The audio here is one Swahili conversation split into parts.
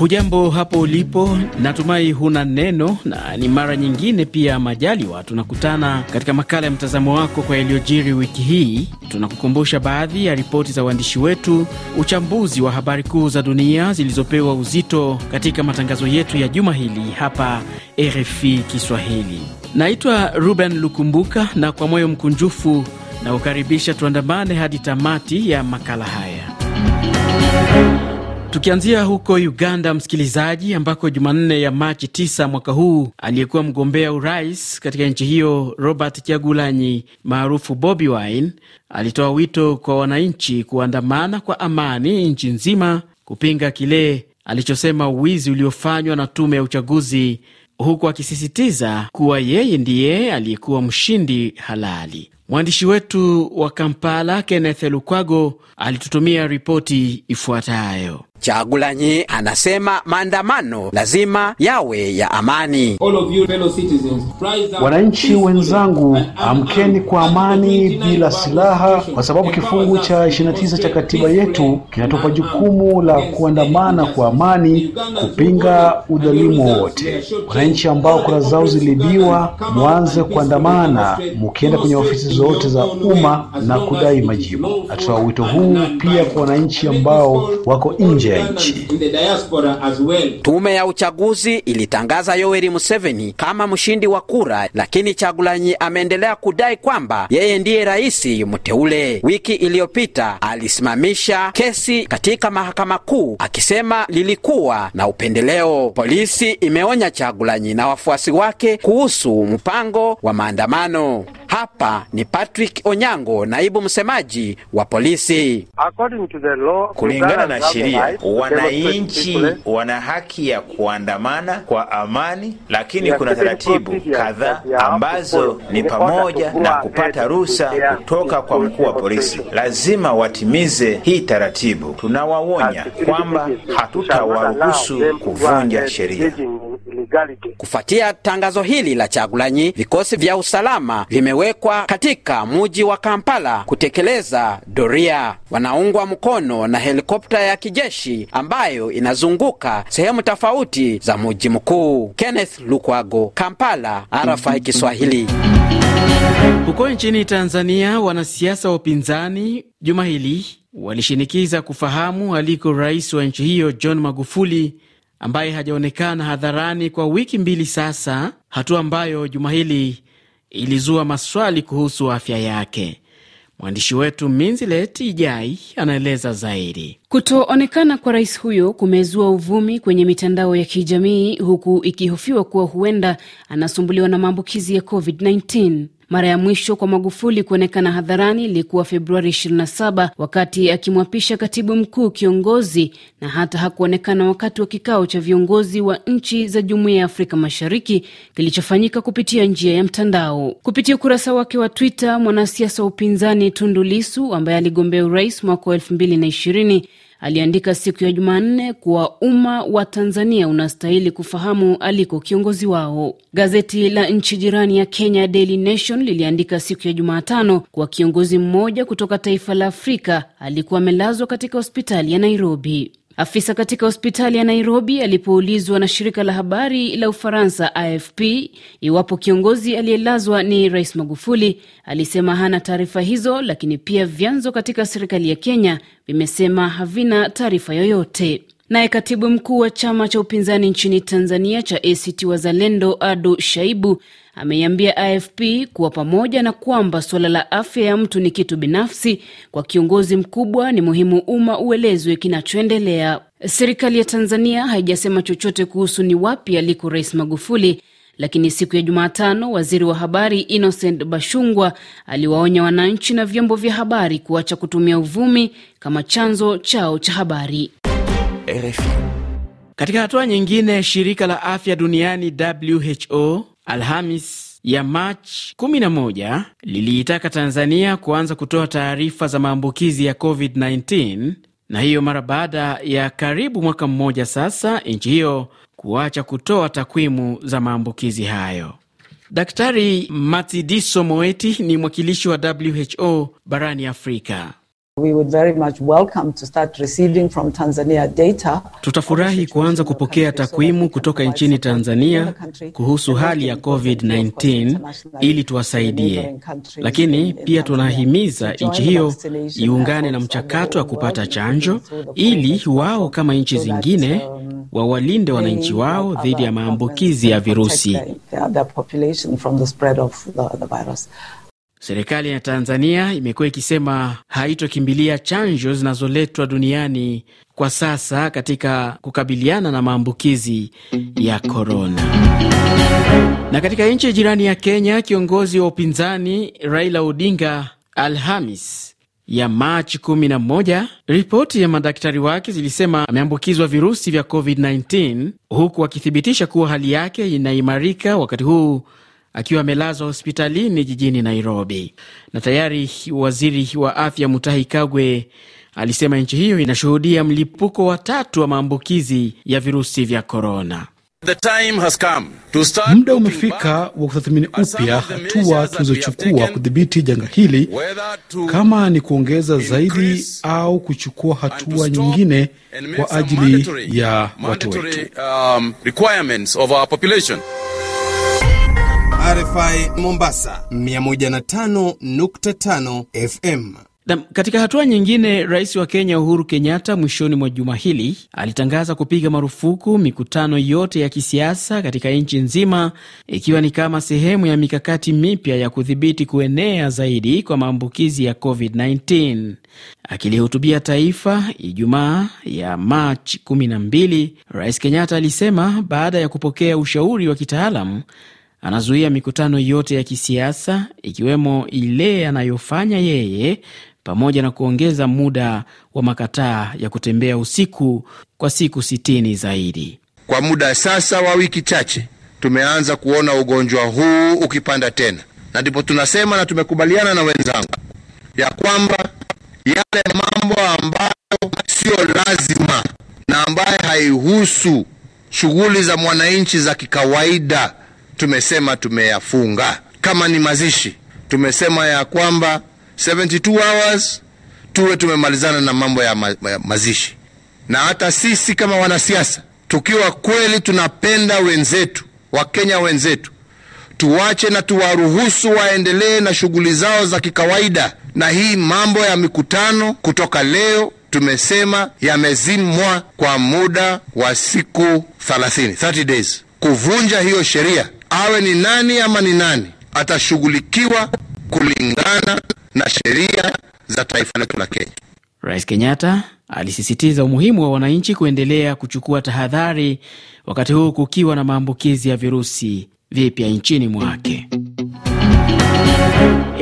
Hujambo hapo ulipo, natumai huna neno, na ni mara nyingine pia majaliwa tunakutana katika makala ya mtazamo wako kwa yaliyojiri wiki hii. Tunakukumbusha baadhi ya ripoti za waandishi wetu, uchambuzi wa habari kuu za dunia zilizopewa uzito katika matangazo yetu ya juma hili hapa RFI Kiswahili. Naitwa Ruben Lukumbuka na kwa moyo mkunjufu na kukaribisha tuandamane hadi tamati ya makala haya. Tukianzia huko Uganda, msikilizaji, ambako Jumanne ya Machi 9 mwaka huu aliyekuwa mgombea urais katika nchi hiyo Robert Kyagulanyi maarufu Bobi Wine alitoa wito kwa wananchi kuandamana kwa amani nchi nzima kupinga kile alichosema uwizi uliofanywa na tume ya uchaguzi, huku akisisitiza kuwa yeye ndiye aliyekuwa mshindi halali. Mwandishi wetu wa Kampala Kenneth Lukwago alitutumia ripoti ifuatayo. Chagulanyi anasema maandamano lazima yawe ya amani. Wananchi wenzangu, amkeni kwa amani bila silaha, kwa sababu kifungu cha 29 cha katiba yetu kinatupa jukumu la kuandamana kwa amani kupinga udhalimu wowote. Wananchi ambao kura zao ziliibiwa, mwanze kuandamana mukienda kwenye ofisi zote za umma na kudai majibu. Atoa wito huu pia kwa wananchi ambao wako nje ya nchi. Tume ya uchaguzi ilitangaza Yoweri Museveni kama mshindi wa kura, lakini Chagulanyi ameendelea kudai kwamba yeye ndiye rais mteule. Wiki iliyopita alisimamisha kesi katika mahakama kuu akisema lilikuwa na upendeleo. Polisi imeonya Chagulanyi na wafuasi wake kuhusu mpango wa maandamano. Hapa ni Patrick Onyango, naibu msemaji wa polisi. kulingana na sheria, wananchi wana haki ya kuandamana kwa amani, lakini kuna taratibu kadhaa ambazo ni pamoja na kupata ruhusa kutoka kwa mkuu wa polisi. Lazima watimize hii taratibu. Tunawaonya kwamba hatutawaruhusu kuvunja sheria. Kufuatia tangazo hili la Chagulanyi, vikosi vya usalama vime yamewekwa katika muji wa Kampala kutekeleza doria. Wanaungwa mkono na helikopta ya kijeshi ambayo inazunguka sehemu tofauti za muji mkuu. Kenneth Lukwago, Kampala, RFI Kiswahili. Huko nchini Tanzania, wanasiasa wa upinzani juma hili walishinikiza kufahamu aliko rais wa nchi hiyo John Magufuli ambaye hajaonekana hadharani kwa wiki mbili sasa, hatua ambayo juma hili ilizua maswali kuhusu afya yake. Mwandishi wetu Minzilet Ijai anaeleza zaidi. Kutoonekana kwa rais huyo kumezua uvumi kwenye mitandao ya kijamii, huku ikihofiwa kuwa huenda anasumbuliwa na maambukizi ya COVID-19. Mara ya mwisho kwa Magufuli kuonekana hadharani ilikuwa Februari 27 wakati akimwapisha katibu mkuu kiongozi, na hata hakuonekana wakati wa kikao cha viongozi wa nchi za Jumuiya ya Afrika Mashariki kilichofanyika kupitia njia ya mtandao. Kupitia ukurasa wake wa Twitter, mwanasiasa wa upinzani Tundu Lisu ambaye aligombea urais mwaka wa 2020 aliandika siku ya Jumanne kuwa umma wa Tanzania unastahili kufahamu aliko kiongozi wao. Gazeti la nchi jirani ya Kenya, Daily Nation, liliandika siku ya Jumatano kuwa kiongozi mmoja kutoka taifa la Afrika alikuwa amelazwa katika hospitali ya Nairobi. Afisa katika hospitali ya Nairobi alipoulizwa na shirika la habari la Ufaransa AFP iwapo kiongozi aliyelazwa ni Rais Magufuli, alisema hana taarifa hizo, lakini pia vyanzo katika serikali ya Kenya vimesema havina taarifa yoyote. Naye katibu mkuu wa chama cha upinzani nchini Tanzania cha ACT Wazalendo, Ado Shaibu, ameiambia AFP kuwa pamoja na kwamba suala la afya ya mtu ni kitu binafsi, kwa kiongozi mkubwa ni muhimu umma uelezwe kinachoendelea. Serikali ya Tanzania haijasema chochote kuhusu ni wapi aliko Rais Magufuli. Lakini siku ya Jumatano, waziri wa habari Innocent Bashungwa aliwaonya wananchi na vyombo vya habari kuacha kutumia uvumi kama chanzo chao cha habari. RFI. Katika hatua nyingine, shirika la afya duniani WHO Alhamis ya Machi 11 liliitaka Tanzania kuanza kutoa taarifa za maambukizi ya COVID-19 na hiyo mara baada ya karibu mwaka mmoja sasa nchi hiyo kuacha kutoa takwimu za maambukizi hayo. Daktari Matidiso Moeti ni mwakilishi wa WHO barani Afrika. Tutafurahi kuanza kupokea takwimu kutoka nchini Tanzania kuhusu hali ya COVID-19 ili tuwasaidie, lakini pia tunahimiza nchi hiyo iungane na mchakato wa kupata chanjo ili wao kama nchi zingine um, wawalinde wananchi wao dhidi ya maambukizi ya virusi. Serikali ya Tanzania imekuwa ikisema haitokimbilia chanjo zinazoletwa duniani kwa sasa katika kukabiliana na maambukizi ya korona. Na katika nchi jirani ya Kenya, kiongozi wa upinzani Raila Odinga Alhamis ya Machi 11 ripoti ya madaktari wake zilisema ameambukizwa virusi vya COVID-19 huku akithibitisha kuwa hali yake inaimarika wakati huu akiwa amelazwa hospitalini jijini Nairobi. Na tayari waziri wa afya Mutahi Kagwe alisema nchi hiyo inashuhudia mlipuko wa tatu wa maambukizi ya virusi vya korona. Muda umefika wa kutathmini upya hatua tulizochukua kudhibiti janga hili, kama ni kuongeza zaidi au kuchukua hatua nyingine kwa ajili ya watu wetu. Um, RFI Mombasa 105.5 FM. Na katika hatua nyingine, rais wa Kenya Uhuru Kenyatta mwishoni mwa juma hili alitangaza kupiga marufuku mikutano yote ya kisiasa katika nchi nzima, ikiwa ni kama sehemu ya mikakati mipya ya kudhibiti kuenea zaidi kwa maambukizi ya COVID-19. Akilihutubia taifa Ijumaa ya Machi 12, rais Kenyatta alisema baada ya kupokea ushauri wa kitaalamu anazuia mikutano yote ya kisiasa ikiwemo ile anayofanya yeye, pamoja na kuongeza muda wa makataa ya kutembea usiku kwa siku sitini zaidi. Kwa muda sasa wa wiki chache tumeanza kuona ugonjwa huu ukipanda tena, na ndipo tunasema na tumekubaliana na wenzangu ya kwamba yale mambo ambayo siyo lazima na ambaye haihusu shughuli za mwananchi za kikawaida tumesema tumeyafunga. Kama ni mazishi, tumesema ya kwamba 72 hours tuwe tumemalizana na mambo ya, ma ya mazishi. Na hata sisi kama wanasiasa tukiwa kweli tunapenda wenzetu Wakenya wenzetu, tuwache na tuwaruhusu waendelee na shughuli zao za kikawaida, na hii mambo ya mikutano kutoka leo tumesema yamezimwa kwa muda wa siku 30, 30 days, kuvunja hiyo sheria awe ni nani ama ni nani, atashughulikiwa kulingana na sheria za taifa letu la Kenya. Rais Kenyatta alisisitiza umuhimu wa wananchi kuendelea kuchukua tahadhari wakati huu kukiwa na maambukizi ya virusi vipya nchini mwake.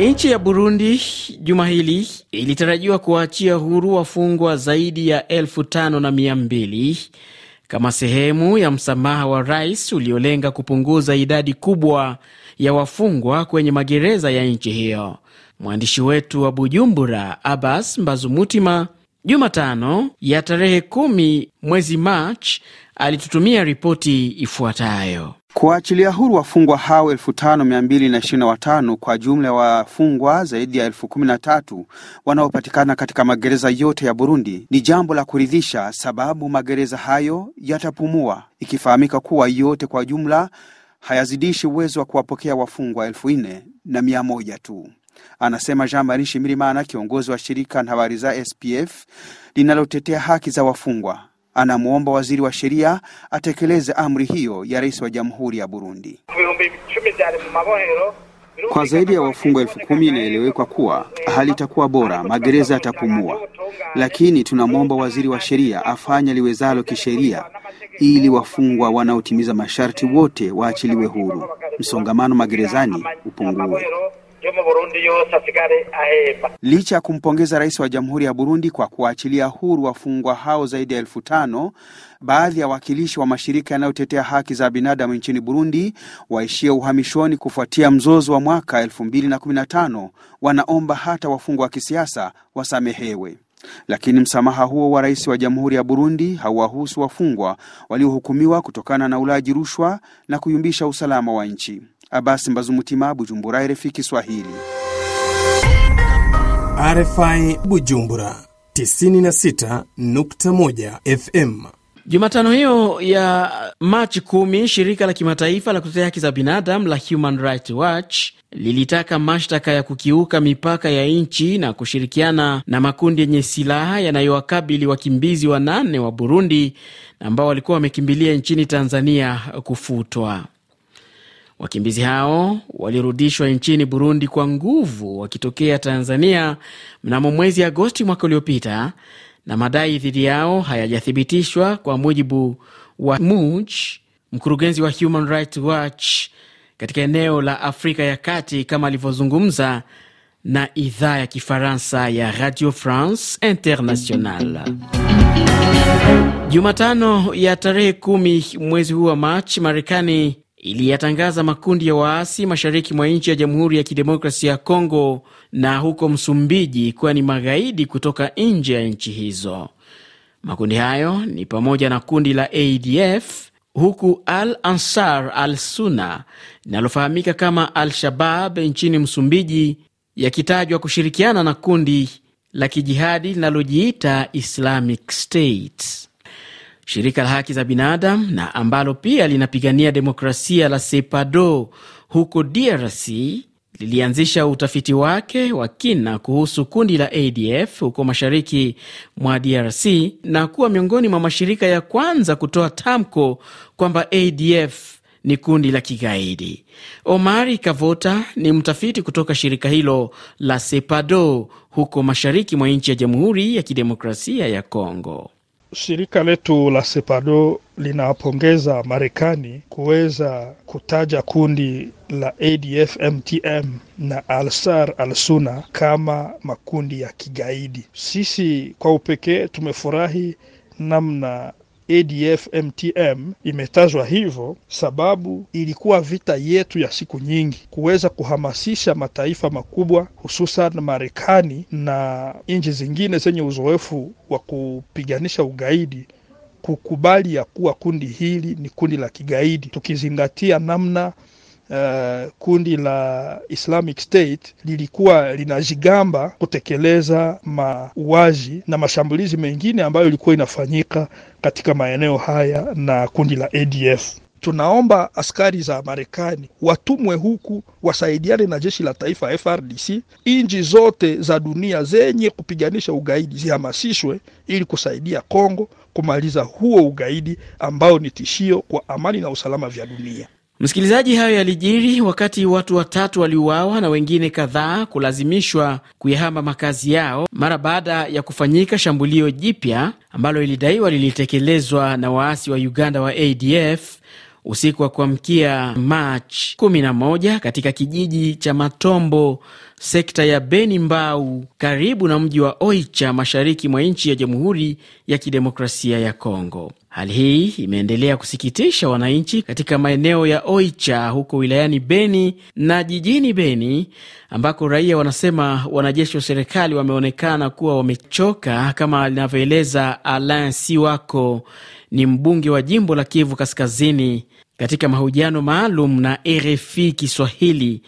Nchi ya Burundi juma hili ilitarajiwa kuwaachia huru wafungwa zaidi ya elfu tano na mia mbili kama sehemu ya msamaha wa rais uliolenga kupunguza idadi kubwa ya wafungwa kwenye magereza ya nchi hiyo. Mwandishi wetu wa Bujumbura, Abbas Mbazumutima, Jumatano ya tarehe kumi mwezi Machi alitutumia ripoti ifuatayo kuachilia huru wafungwa hao 5225 kwa jumla ya wafungwa zaidi ya elfu kumi na tatu wanaopatikana katika magereza yote ya Burundi ni jambo la kuridhisha, sababu magereza hayo yatapumua, ikifahamika kuwa yote kwa jumla hayazidishi uwezo wa kuwapokea wafungwa elfu nne na mia moja tu, anasema Jean Marie Shimirimana, kiongozi wa shirika na habari za SPF linalotetea haki za wafungwa anamwomba waziri wa sheria atekeleze amri hiyo ya rais wa jamhuri ya Burundi. Kwa zaidi ya wafungwa elfu kumi inaelewekwa kuwa hali itakuwa bora, magereza yatapumua, lakini tunamwomba waziri wa sheria afanye liwezalo kisheria ili wafungwa wanaotimiza masharti wote waachiliwe huru, msongamano magerezani upungue yo Burundi yose asigare ahemba. Licha ya kumpongeza rais wa Jamhuri ya Burundi kwa kuwaachilia huru wafungwa hao zaidi ya elfu tano, baadhi ya wawakilishi wa mashirika yanayotetea haki za binadamu nchini Burundi waishie uhamishoni kufuatia mzozo wa mwaka 2015 wanaomba hata wafungwa wa kisiasa wasamehewe. Lakini msamaha huo wa rais wa Jamhuri ya Burundi hauwahusu wafungwa waliohukumiwa kutokana na ulaji rushwa na kuyumbisha usalama wa nchi. Abasi Mbazumutima, Bujumbura, RFI Kiswahili. RFI Bujumbura 96.1 FM. Jumatano hiyo ya Machi kumi, shirika la kimataifa la kutetea haki za binadamu la Human Rights Watch lilitaka mashtaka ya kukiuka mipaka ya nchi na kushirikiana na makundi yenye silaha yanayowakabili wakimbizi wanane wa Burundi ambao walikuwa wamekimbilia nchini Tanzania kufutwa. Wakimbizi hao walirudishwa nchini Burundi kwa nguvu wakitokea Tanzania mnamo mwezi Agosti mwaka uliopita, na madai dhidi yao hayajathibitishwa kwa mujibu wa MUJ, mkurugenzi wa Human Rights Watch katika eneo la Afrika ya Kati, kama alivyozungumza na idhaa ya Kifaransa ya Radio France International Jumatano ya tarehe kumi mwezi huu wa Machi, Marekani iliyatangaza makundi ya waasi mashariki mwa nchi ya Jamhuri ya Kidemokrasia ya Kongo na huko Msumbiji kuwa ni magaidi kutoka nje ya nchi hizo. Makundi hayo ni pamoja na kundi la ADF huku Al Ansar Al Suna linalofahamika kama Al-Shabab nchini Msumbiji yakitajwa kushirikiana na kundi la kijihadi linalojiita Islamic State. Shirika la haki za binadamu na ambalo pia linapigania demokrasia la SEPADO huko DRC lilianzisha utafiti wake wa kina kuhusu kundi la ADF huko mashariki mwa DRC na kuwa miongoni mwa mashirika ya kwanza kutoa tamko kwamba ADF ni kundi la kigaidi. Omari Kavota ni mtafiti kutoka shirika hilo la SEPADO huko mashariki mwa nchi ya Jamhuri ya Kidemokrasia ya Kongo. Shirika letu la SEPADO linawapongeza Marekani kuweza kutaja kundi la ADF MTM na Alsar Alsuna kama makundi ya kigaidi. Sisi kwa upekee tumefurahi namna ADF MTM imetajwa hivyo sababu ilikuwa vita yetu ya siku nyingi kuweza kuhamasisha mataifa makubwa hususan Marekani na nchi zingine zenye uzoefu wa kupiganisha ugaidi kukubali ya kuwa kundi hili ni kundi la kigaidi, tukizingatia namna uh, kundi la Islamic State lilikuwa linajigamba kutekeleza mauaji na mashambulizi mengine ambayo ilikuwa inafanyika katika maeneo haya na kundi la ADF. Tunaomba askari za Marekani watumwe huku wasaidiane na jeshi la taifa FRDC. Nchi zote za dunia zenye kupiganisha ugaidi zihamasishwe ili kusaidia Kongo kumaliza huo ugaidi ambao ni tishio kwa amani na usalama vya dunia. Msikilizaji, hayo yalijiri wakati watu watatu waliuawa na wengine kadhaa kulazimishwa kuyahama makazi yao mara baada ya kufanyika shambulio jipya ambalo ilidaiwa lilitekelezwa na waasi wa Uganda wa ADF usiku wa kuamkia Machi 11 katika kijiji cha Matombo, sekta ya Beni Mbau, karibu na mji wa Oicha, mashariki mwa nchi ya Jamhuri ya Kidemokrasia ya Kongo. Hali hii imeendelea kusikitisha wananchi katika maeneo ya Oicha huko wilayani Beni na jijini Beni, ambako raia wanasema wanajeshi wa serikali wameonekana kuwa wamechoka, kama linavyoeleza Alain Siwako, ni mbunge wa jimbo la Kivu Kaskazini, katika mahojiano maalum na RFI Kiswahili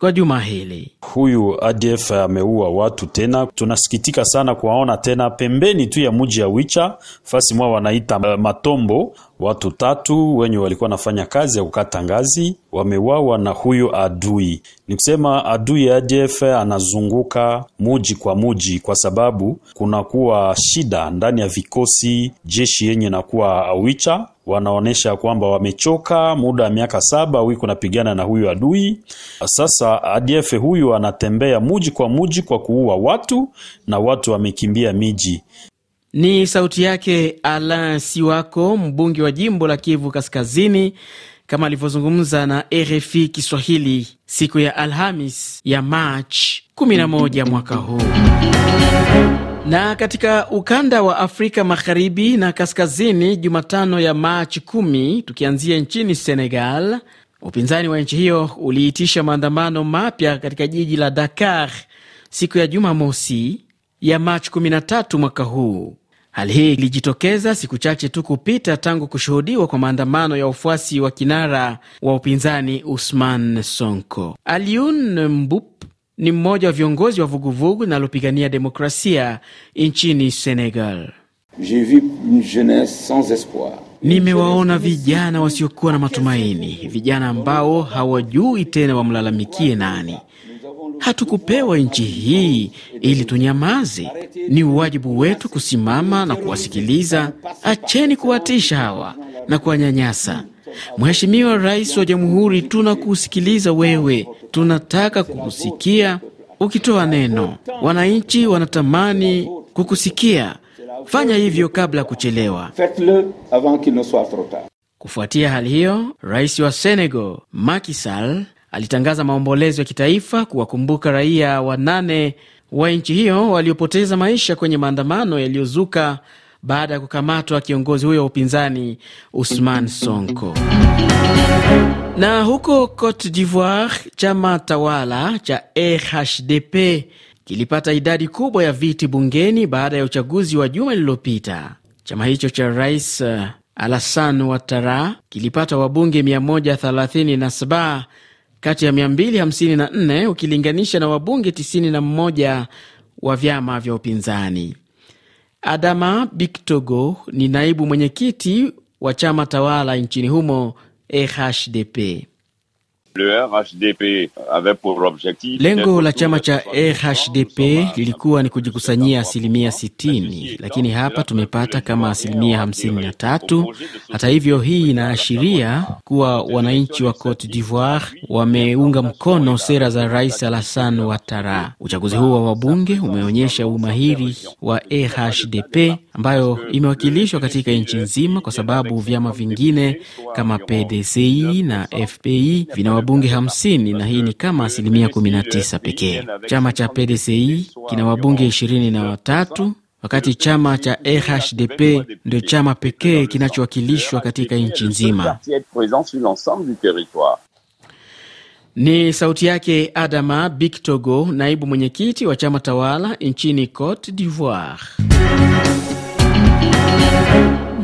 kwa juma hili. Huyu ADF ameua watu tena, tunasikitika sana kuwaona tena pembeni tu ya muji ya Wicha, fasi mwa wanaita eh, Matombo. Watu tatu wenye walikuwa nafanya kazi ya kukata ngazi wameuawa na huyu adui. Ni kusema adui ya ADF anazunguka muji kwa muji, kwa sababu kunakuwa shida ndani ya vikosi jeshi yenye nakuwa Wicha wanaonyesha kwamba wamechoka muda wa miaka saba wiko napigana na huyu adui. Sasa ADF huyu anatembea muji kwa muji kwa kuua watu na watu wamekimbia miji. Ni sauti yake Alain Siwako, mbunge wa jimbo la Kivu Kaskazini, kama alivyozungumza na RFI Kiswahili siku ya Alhamis ya march 11 mwaka huu. Na katika ukanda wa Afrika magharibi na kaskazini, Jumatano ya Machi kumi, tukianzia nchini Senegal, upinzani wa nchi hiyo uliitisha maandamano mapya katika jiji la Dakar siku ya Jumamosi ya Machi 13 mwaka huu. Hali hii ilijitokeza siku chache tu kupita tangu kushuhudiwa kwa maandamano ya ufuasi wa kinara wa upinzani Usman Sonko. Aliun Mbup ni mmoja wa viongozi wa vuguvugu linalopigania demokrasia nchini Senegal. Nimewaona vijana wasiokuwa na matumaini, vijana ambao hawajui tena wamlalamikie nani. Hatukupewa nchi hii ili tunyamaze. Ni uwajibu wetu kusimama na kuwasikiliza. Acheni kuwatisha hawa na kuwanyanyasa. Mheshimiwa Rais wa Jamhuri, tunakusikiliza wewe, tunataka kukusikia ukitoa neno. Wananchi wanatamani kukusikia, fanya hivyo kabla ya kuchelewa. Kufuatia hali hiyo, rais wa Senegal Macky Sall alitangaza maombolezo ya kitaifa kuwakumbuka raia wanane wa nchi hiyo waliopoteza maisha kwenye maandamano yaliyozuka baada ya kukamatwa kiongozi huyo wa upinzani Usman Sonko. Na huko Cote d'Ivoire, chama tawala cha RHDP kilipata idadi kubwa ya viti bungeni baada ya uchaguzi wa juma lililopita. Chama hicho cha rais eh, Alassane Ouattara kilipata wabunge 137 kati ya 254 ukilinganisha na wabunge 91 wa vyama vya upinzani. Adama Bictogo ni naibu mwenyekiti wa chama tawala nchini humo EHDP. Lengo la chama cha RHDP lilikuwa ni kujikusanyia asilimia 60, lakini hapa tumepata kama asilimia 53. Hata hivyo, hii inaashiria kuwa wananchi wa Cote d'Ivoire wameunga mkono sera za Rais Alassane Ouattara. Uchaguzi huu wa wabunge umeonyesha umahiri wa RHDP ambayo imewakilishwa katika nchi nzima, kwa sababu vyama vingine kama PDCI na FPI vina wabunge hamsini na hii ni kama asilimia kumi na tisa pekee. Chama cha PDCI kina wabunge ishirini na watatu wakati chama cha RHDP ndio chama pekee kinachowakilishwa katika nchi nzima. Ni sauti yake Adama biktogo naibu mwenyekiti wa chama tawala nchini Cote d'Ivoire.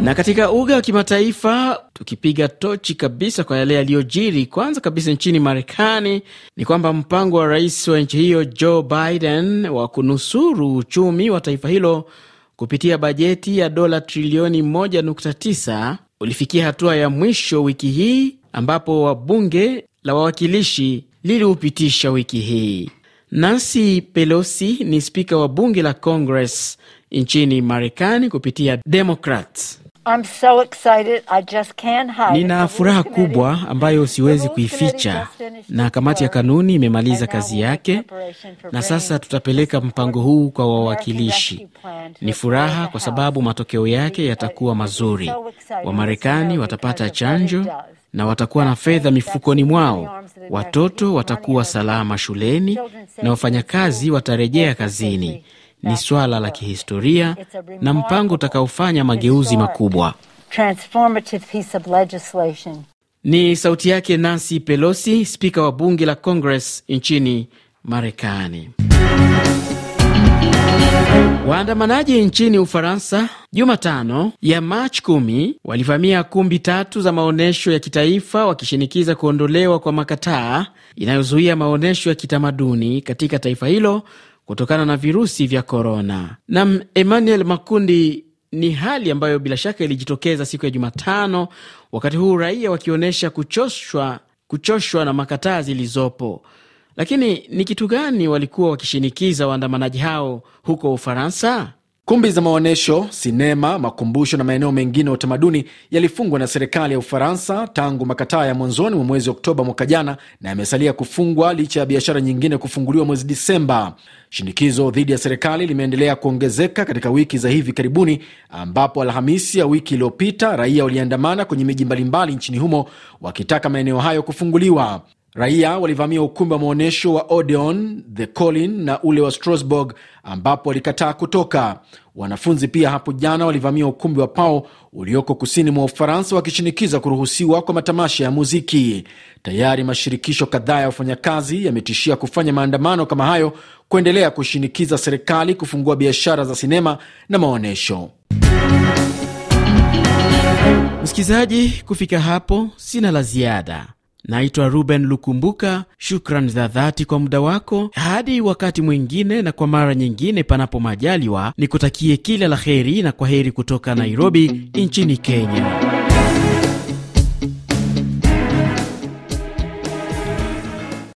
Na katika uga wa kimataifa, tukipiga tochi kabisa kwa yale yaliyojiri, kwanza kabisa nchini Marekani ni kwamba mpango wa rais wa nchi hiyo Joe Biden wa kunusuru uchumi wa taifa hilo kupitia bajeti ya dola trilioni 1.9 ulifikia hatua ya mwisho wiki hii ambapo wabunge la wawakilishi liliupitisha wiki hii. Nancy Pelosi ni spika wa bunge la Congress nchini Marekani kupitia Democrats. So excited, I just can't hide. Nina furaha kubwa ambayo siwezi kuificha, na kamati ya kanuni imemaliza kazi yake na sasa tutapeleka mpango huu kwa wawakilishi. Ni furaha kwa sababu matokeo yake yatakuwa mazuri. Wamarekani watapata chanjo na watakuwa na fedha mifukoni mwao, watoto watakuwa salama shuleni na wafanyakazi watarejea kazini ni swala la kihistoria na mpango utakaofanya mageuzi makubwa. Ni sauti yake Nancy Pelosi, spika wa bunge la Congress nchini Marekani. Waandamanaji nchini Ufaransa Jumatano ya Machi 1 walivamia kumbi tatu za maonyesho ya kitaifa wakishinikiza kuondolewa kwa makataa inayozuia maonyesho ya kitamaduni katika taifa hilo kutokana na virusi vya korona. Nam Emmanuel Makundi, ni hali ambayo bila shaka ilijitokeza siku ya Jumatano, wakati huu raia wakionyesha kuchoshwa, kuchoshwa na makataa zilizopo. Lakini ni kitu gani walikuwa wakishinikiza waandamanaji hao huko Ufaransa? Kumbi za maonyesho, sinema, makumbusho na maeneo mengine ya utamaduni yalifungwa na serikali ya Ufaransa tangu makataa ya mwanzoni mwa mwezi Oktoba mwaka jana na yamesalia kufungwa licha ya biashara nyingine kufunguliwa mwezi Disemba. Shinikizo dhidi ya serikali limeendelea kuongezeka katika wiki za hivi karibuni, ambapo Alhamisi ya wiki iliyopita raia waliandamana kwenye miji mbalimbali nchini humo wakitaka maeneo hayo kufunguliwa. Raia walivamia ukumbi wa maonyesho wa Odeon, The Colin na ule wa Strasbourg ambapo walikataa kutoka. Wanafunzi pia hapo jana walivamia ukumbi wa Pau ulioko kusini mwa Ufaransa wakishinikiza kuruhusiwa kwa matamasha ya muziki. Tayari mashirikisho kadhaa ya wafanyakazi yametishia kufanya maandamano kama hayo kuendelea kushinikiza serikali kufungua biashara za sinema na maonyesho. Msikilizaji, kufika hapo sina la ziada. Naitwa Ruben Lukumbuka. Shukran za dhati kwa muda wako. Hadi wakati mwingine, na kwa mara nyingine, panapo majaliwa, nikutakie kila la heri na kwa heri kutoka Nairobi nchini Kenya.